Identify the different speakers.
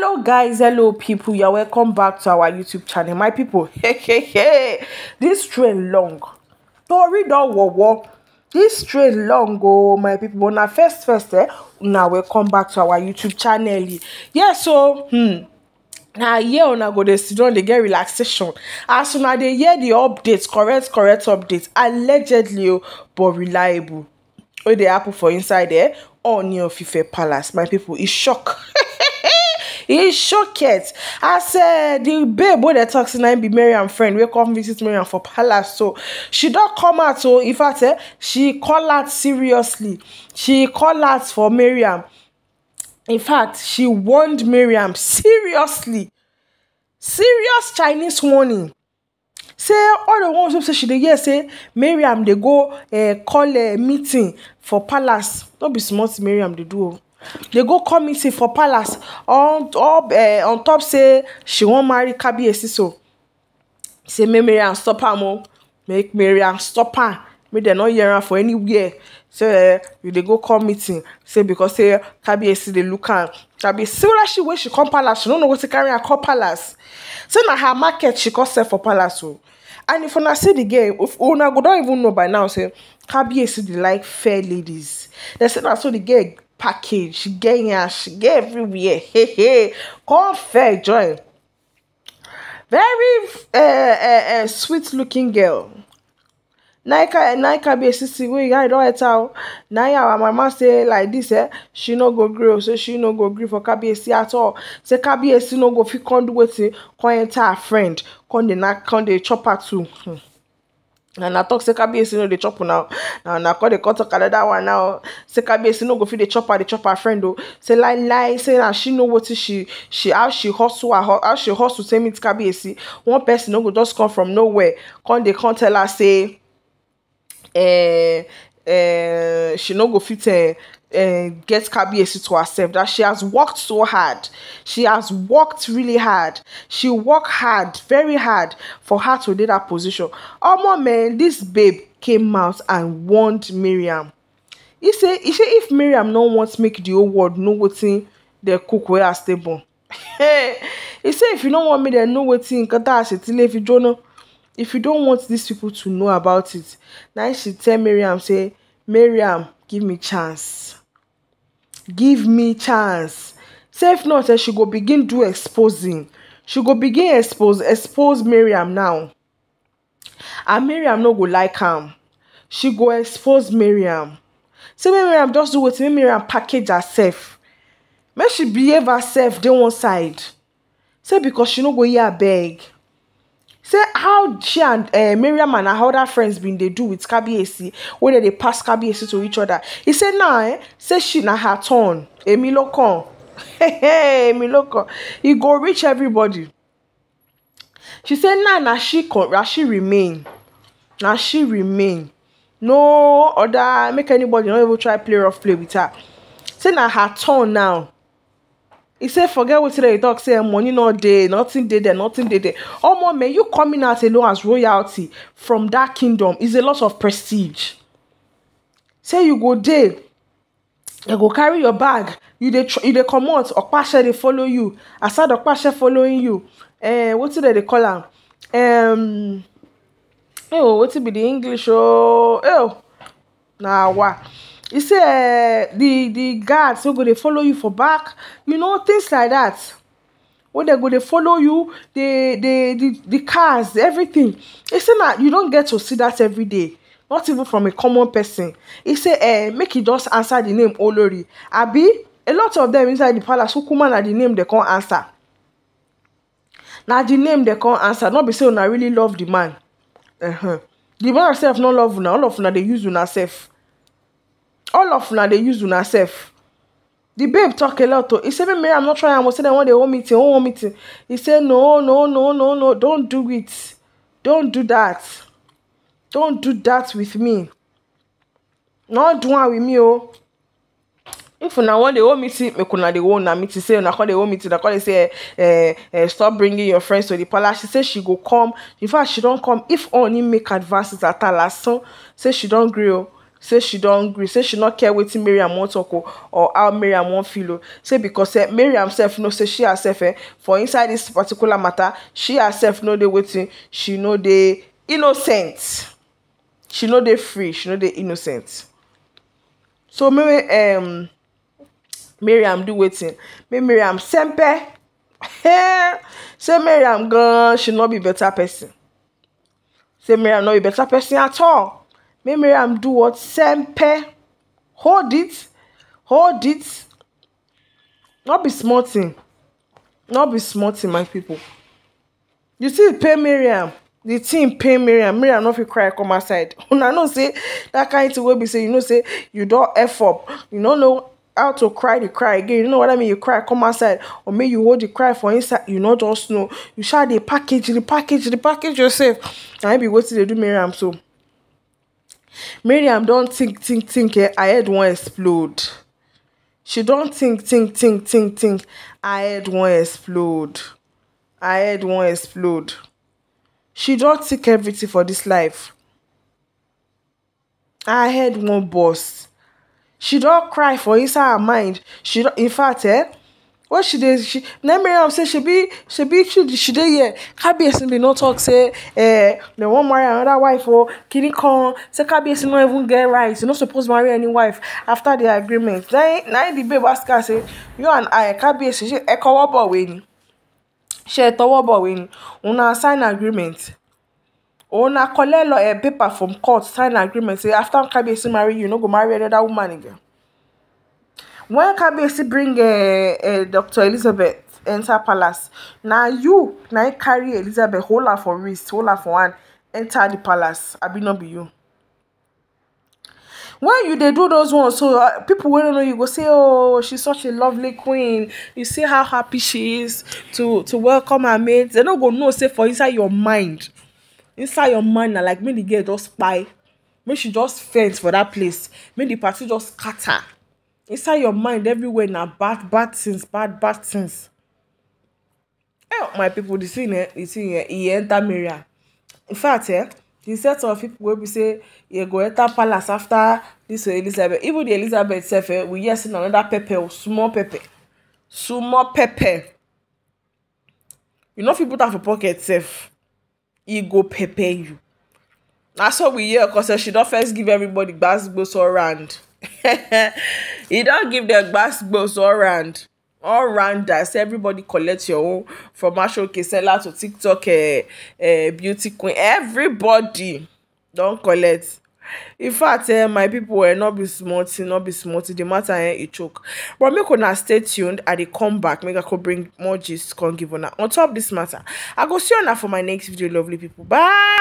Speaker 1: hello guys hello people you're welcome back to our youtube channel my people hey hey hey this train long tori don wowo this train long oh my people Now first first eh Now welcome back to our youtube channel Yeah, so hmm Now here on go dey sidon they get relaxation as soon as they hear the updates, correct correct updates. allegedly o oh, but reliable wey they happen for inside eh Ooni of Fife palace my people Is e shock He shocked I said the babe boy dey talk say be mariam friend We come visit Miriam for palace so she don't come out So in fact eh, she call out seriously she call out for Miriam. in fact she warned Miriam seriously serious chinese warning say all the ones who say she dey hear say Miriam they go uh, call a meeting for palace Don't be smart, Miriam. They do oh. They go come meeting for palace on top eh, on top say she wan marry kabiyesi so say make mariam stop am o make mariam stop her. make dem not hear am for anywhere say eh you dey go come meeting say because say Kabi kabiyesi they look am Kabi. see whether she wey she come palace she don't know what to carry am come palace say na her market she come sell for palace o oh. and if una see the girl if una go don't even know by now say Kabi kabiyesi they like fair ladies They say na so the girl package she get yan she get everywhere hey hey come fair join very uh, uh, uh, sweet looking girl naika naika be a sisi wey yarn don enter o na our mama say like this eh she no go gree o oh, say she no go gree for kabiyesi at all say kabiyesi no go fit come do wetin come enter her friend come dey na, come dey chop her too. Hmm and i tok say kabiyesi no dey chop una na come dey cut another one now say kabiyesi no go fit dey chop her dey chop her friend o say lie lie say na she know wetin she she how she hustle her how she hustle say meet kabiyesi one person no go just come from nowhere come dey come tell her say eh, eh, she no go fit eh, uh, get Kabiesi to herself that she has worked so hard. She has worked really hard. She worked hard, very hard for her to get that position. Oh my man, this babe came out and warned Miriam. He say, he say if Miriam no wants make the whole world know thing they cook where her stay born. he say if you don't want me, dem know wetin thing. tá a ṣe tí ilé fi if you don't want these people to know about it Now she tell Miriam say Miriam give me chance give me chance sef know say eh, she go begin do exposing she go begin expose expose Miriam now and Miriam no go like him. she go expose Miriam. say Miriam just do it. make Miriam package herself May she behave herself dey one side say because she no go here beg say how she and uh, miriam and her other friends been They do with kabiyesi wey they pass kabiyesi to each other he said now nah, eh say she na her turn èmi ló kàn èmi ló kàn go reach everybody she said now nah, she con na she remain na she remain no other make anybody no even try play rough play with her say na her turn now He said, forget wetin dem dey talk say money no dey nothing dey there nothing dey there omo may you coming out alone as royalty from that kingdom is a lot of prestige say you go dey you go carry your bag you dey you dey comot okpashe dey follow you asad okpashe following you eh wetin dem dey call am um oh wetin be the english Oh, oh na wa e say eh, the the guards wey go they follow you for back you know things like that wey they go they follow you the the the cars everything e say now you don't get to see that every day not even from a common person e say eh, make you just answer the name olori abi a lot of them inside the palace hukuma na the name they con answer Now the name they con answer not be say una really love the man uh -huh. The man herself not love una all of una they use you una self all of una dey use una sef the babe talk a lot o oh. he say make I'm not try am o say dem wan dey hold meeting hold one meeting he say no no no no no Don't do it Don't do that Don't do that with me no do am with me o oh. if una wan dey hold meeting make una dey hold una meeting say una come dey hold meeting una come dey say eh eh stop bringing your friends to the palace she say she go come in fact she don come if oni make advances at her last son say she don gree o. Oh say she don gree say she no care wetin maryam wan talk o or how maryam wan feel o say because eh, maryam sef know say she herself eh, for inside this particular matter she herself no dey wetin she no dey innocent she no dey free she no dey innocent so maybe um, maryam do wetin make maryam sempe say maryam gan she no be better person say maryam no be better person at all make Miriam do what? Sempe. Hold it. Hold it. Not be small Not be small my people. You see, pay Miriam. the team pay miriam miriam no you cry come outside una know say that kind of wey be say you know say you don't f up you don't know how to cry the cry again you know what i mean you cry come outside or make you hold the cry for inside you know, just know you sha the package the package the package yourself I be waiting to do miriam so Miriam don think think think eh, her head wan explode. She don think think think think think her head won explode. Her head won explode. She don think everything for this life. Her head won burst. She don cry for inside her mind. She don, in fact, eh, what she dey she na miriam say shebi shebi she dey here kabiyesi bin no talk say eh, dem wan marry another wife o oh, kini kan say kabiyesi no even get right you no suppose marry any wife after the agreement na im the babe ask her say you and i kabiyesi ṣe ẹ kọwọ́ bọ̀wé ni ṣe ẹ tọwọ́ bọ̀wé ni una sign agreement una collect law eh, paper from court sign agreement say after kabiyesi marry you no go marry another woman again when kabiyesi bring uh, eh, uh, eh, dr elizabeth enter palace na you na carry elizabeth hold her for wrist hold her for hand enter the palace abi no be you when you dey do those ones so uh, people wey no know you go say oh she's such a lovely queen you see how happy she is to to welcome her mates they no go know say for inside your mind inside your mind na like make the girl just kpai make she just faint for that place make the party just scatter inside your mind everywhere now, bad bad things bad bad things Hey, eh, my people the thing eh the thing eh e enter Maria. in fact eh the set of people wey be say e go enter palace after this Elizabeth even the Elizabeth sef eh we hear say another pepper oh, small pepper small pepper you no fit put am for pocket self, he go pepper you That's what we hear cos eh, she don't first give everybody gbasgbo surround. So e don't give the gbas-gbos all round all round as everybody collect your own from ashoke seller to tiktok uh, uh, beauty queen everybody don't collect in fact eh, my people will eh, not be smarty, not be smarty. The matter eh, e choke but make una stay tuned i dey come back make i could bring more gist come give una on top of this matter i go see you now for my next video lovely people. bye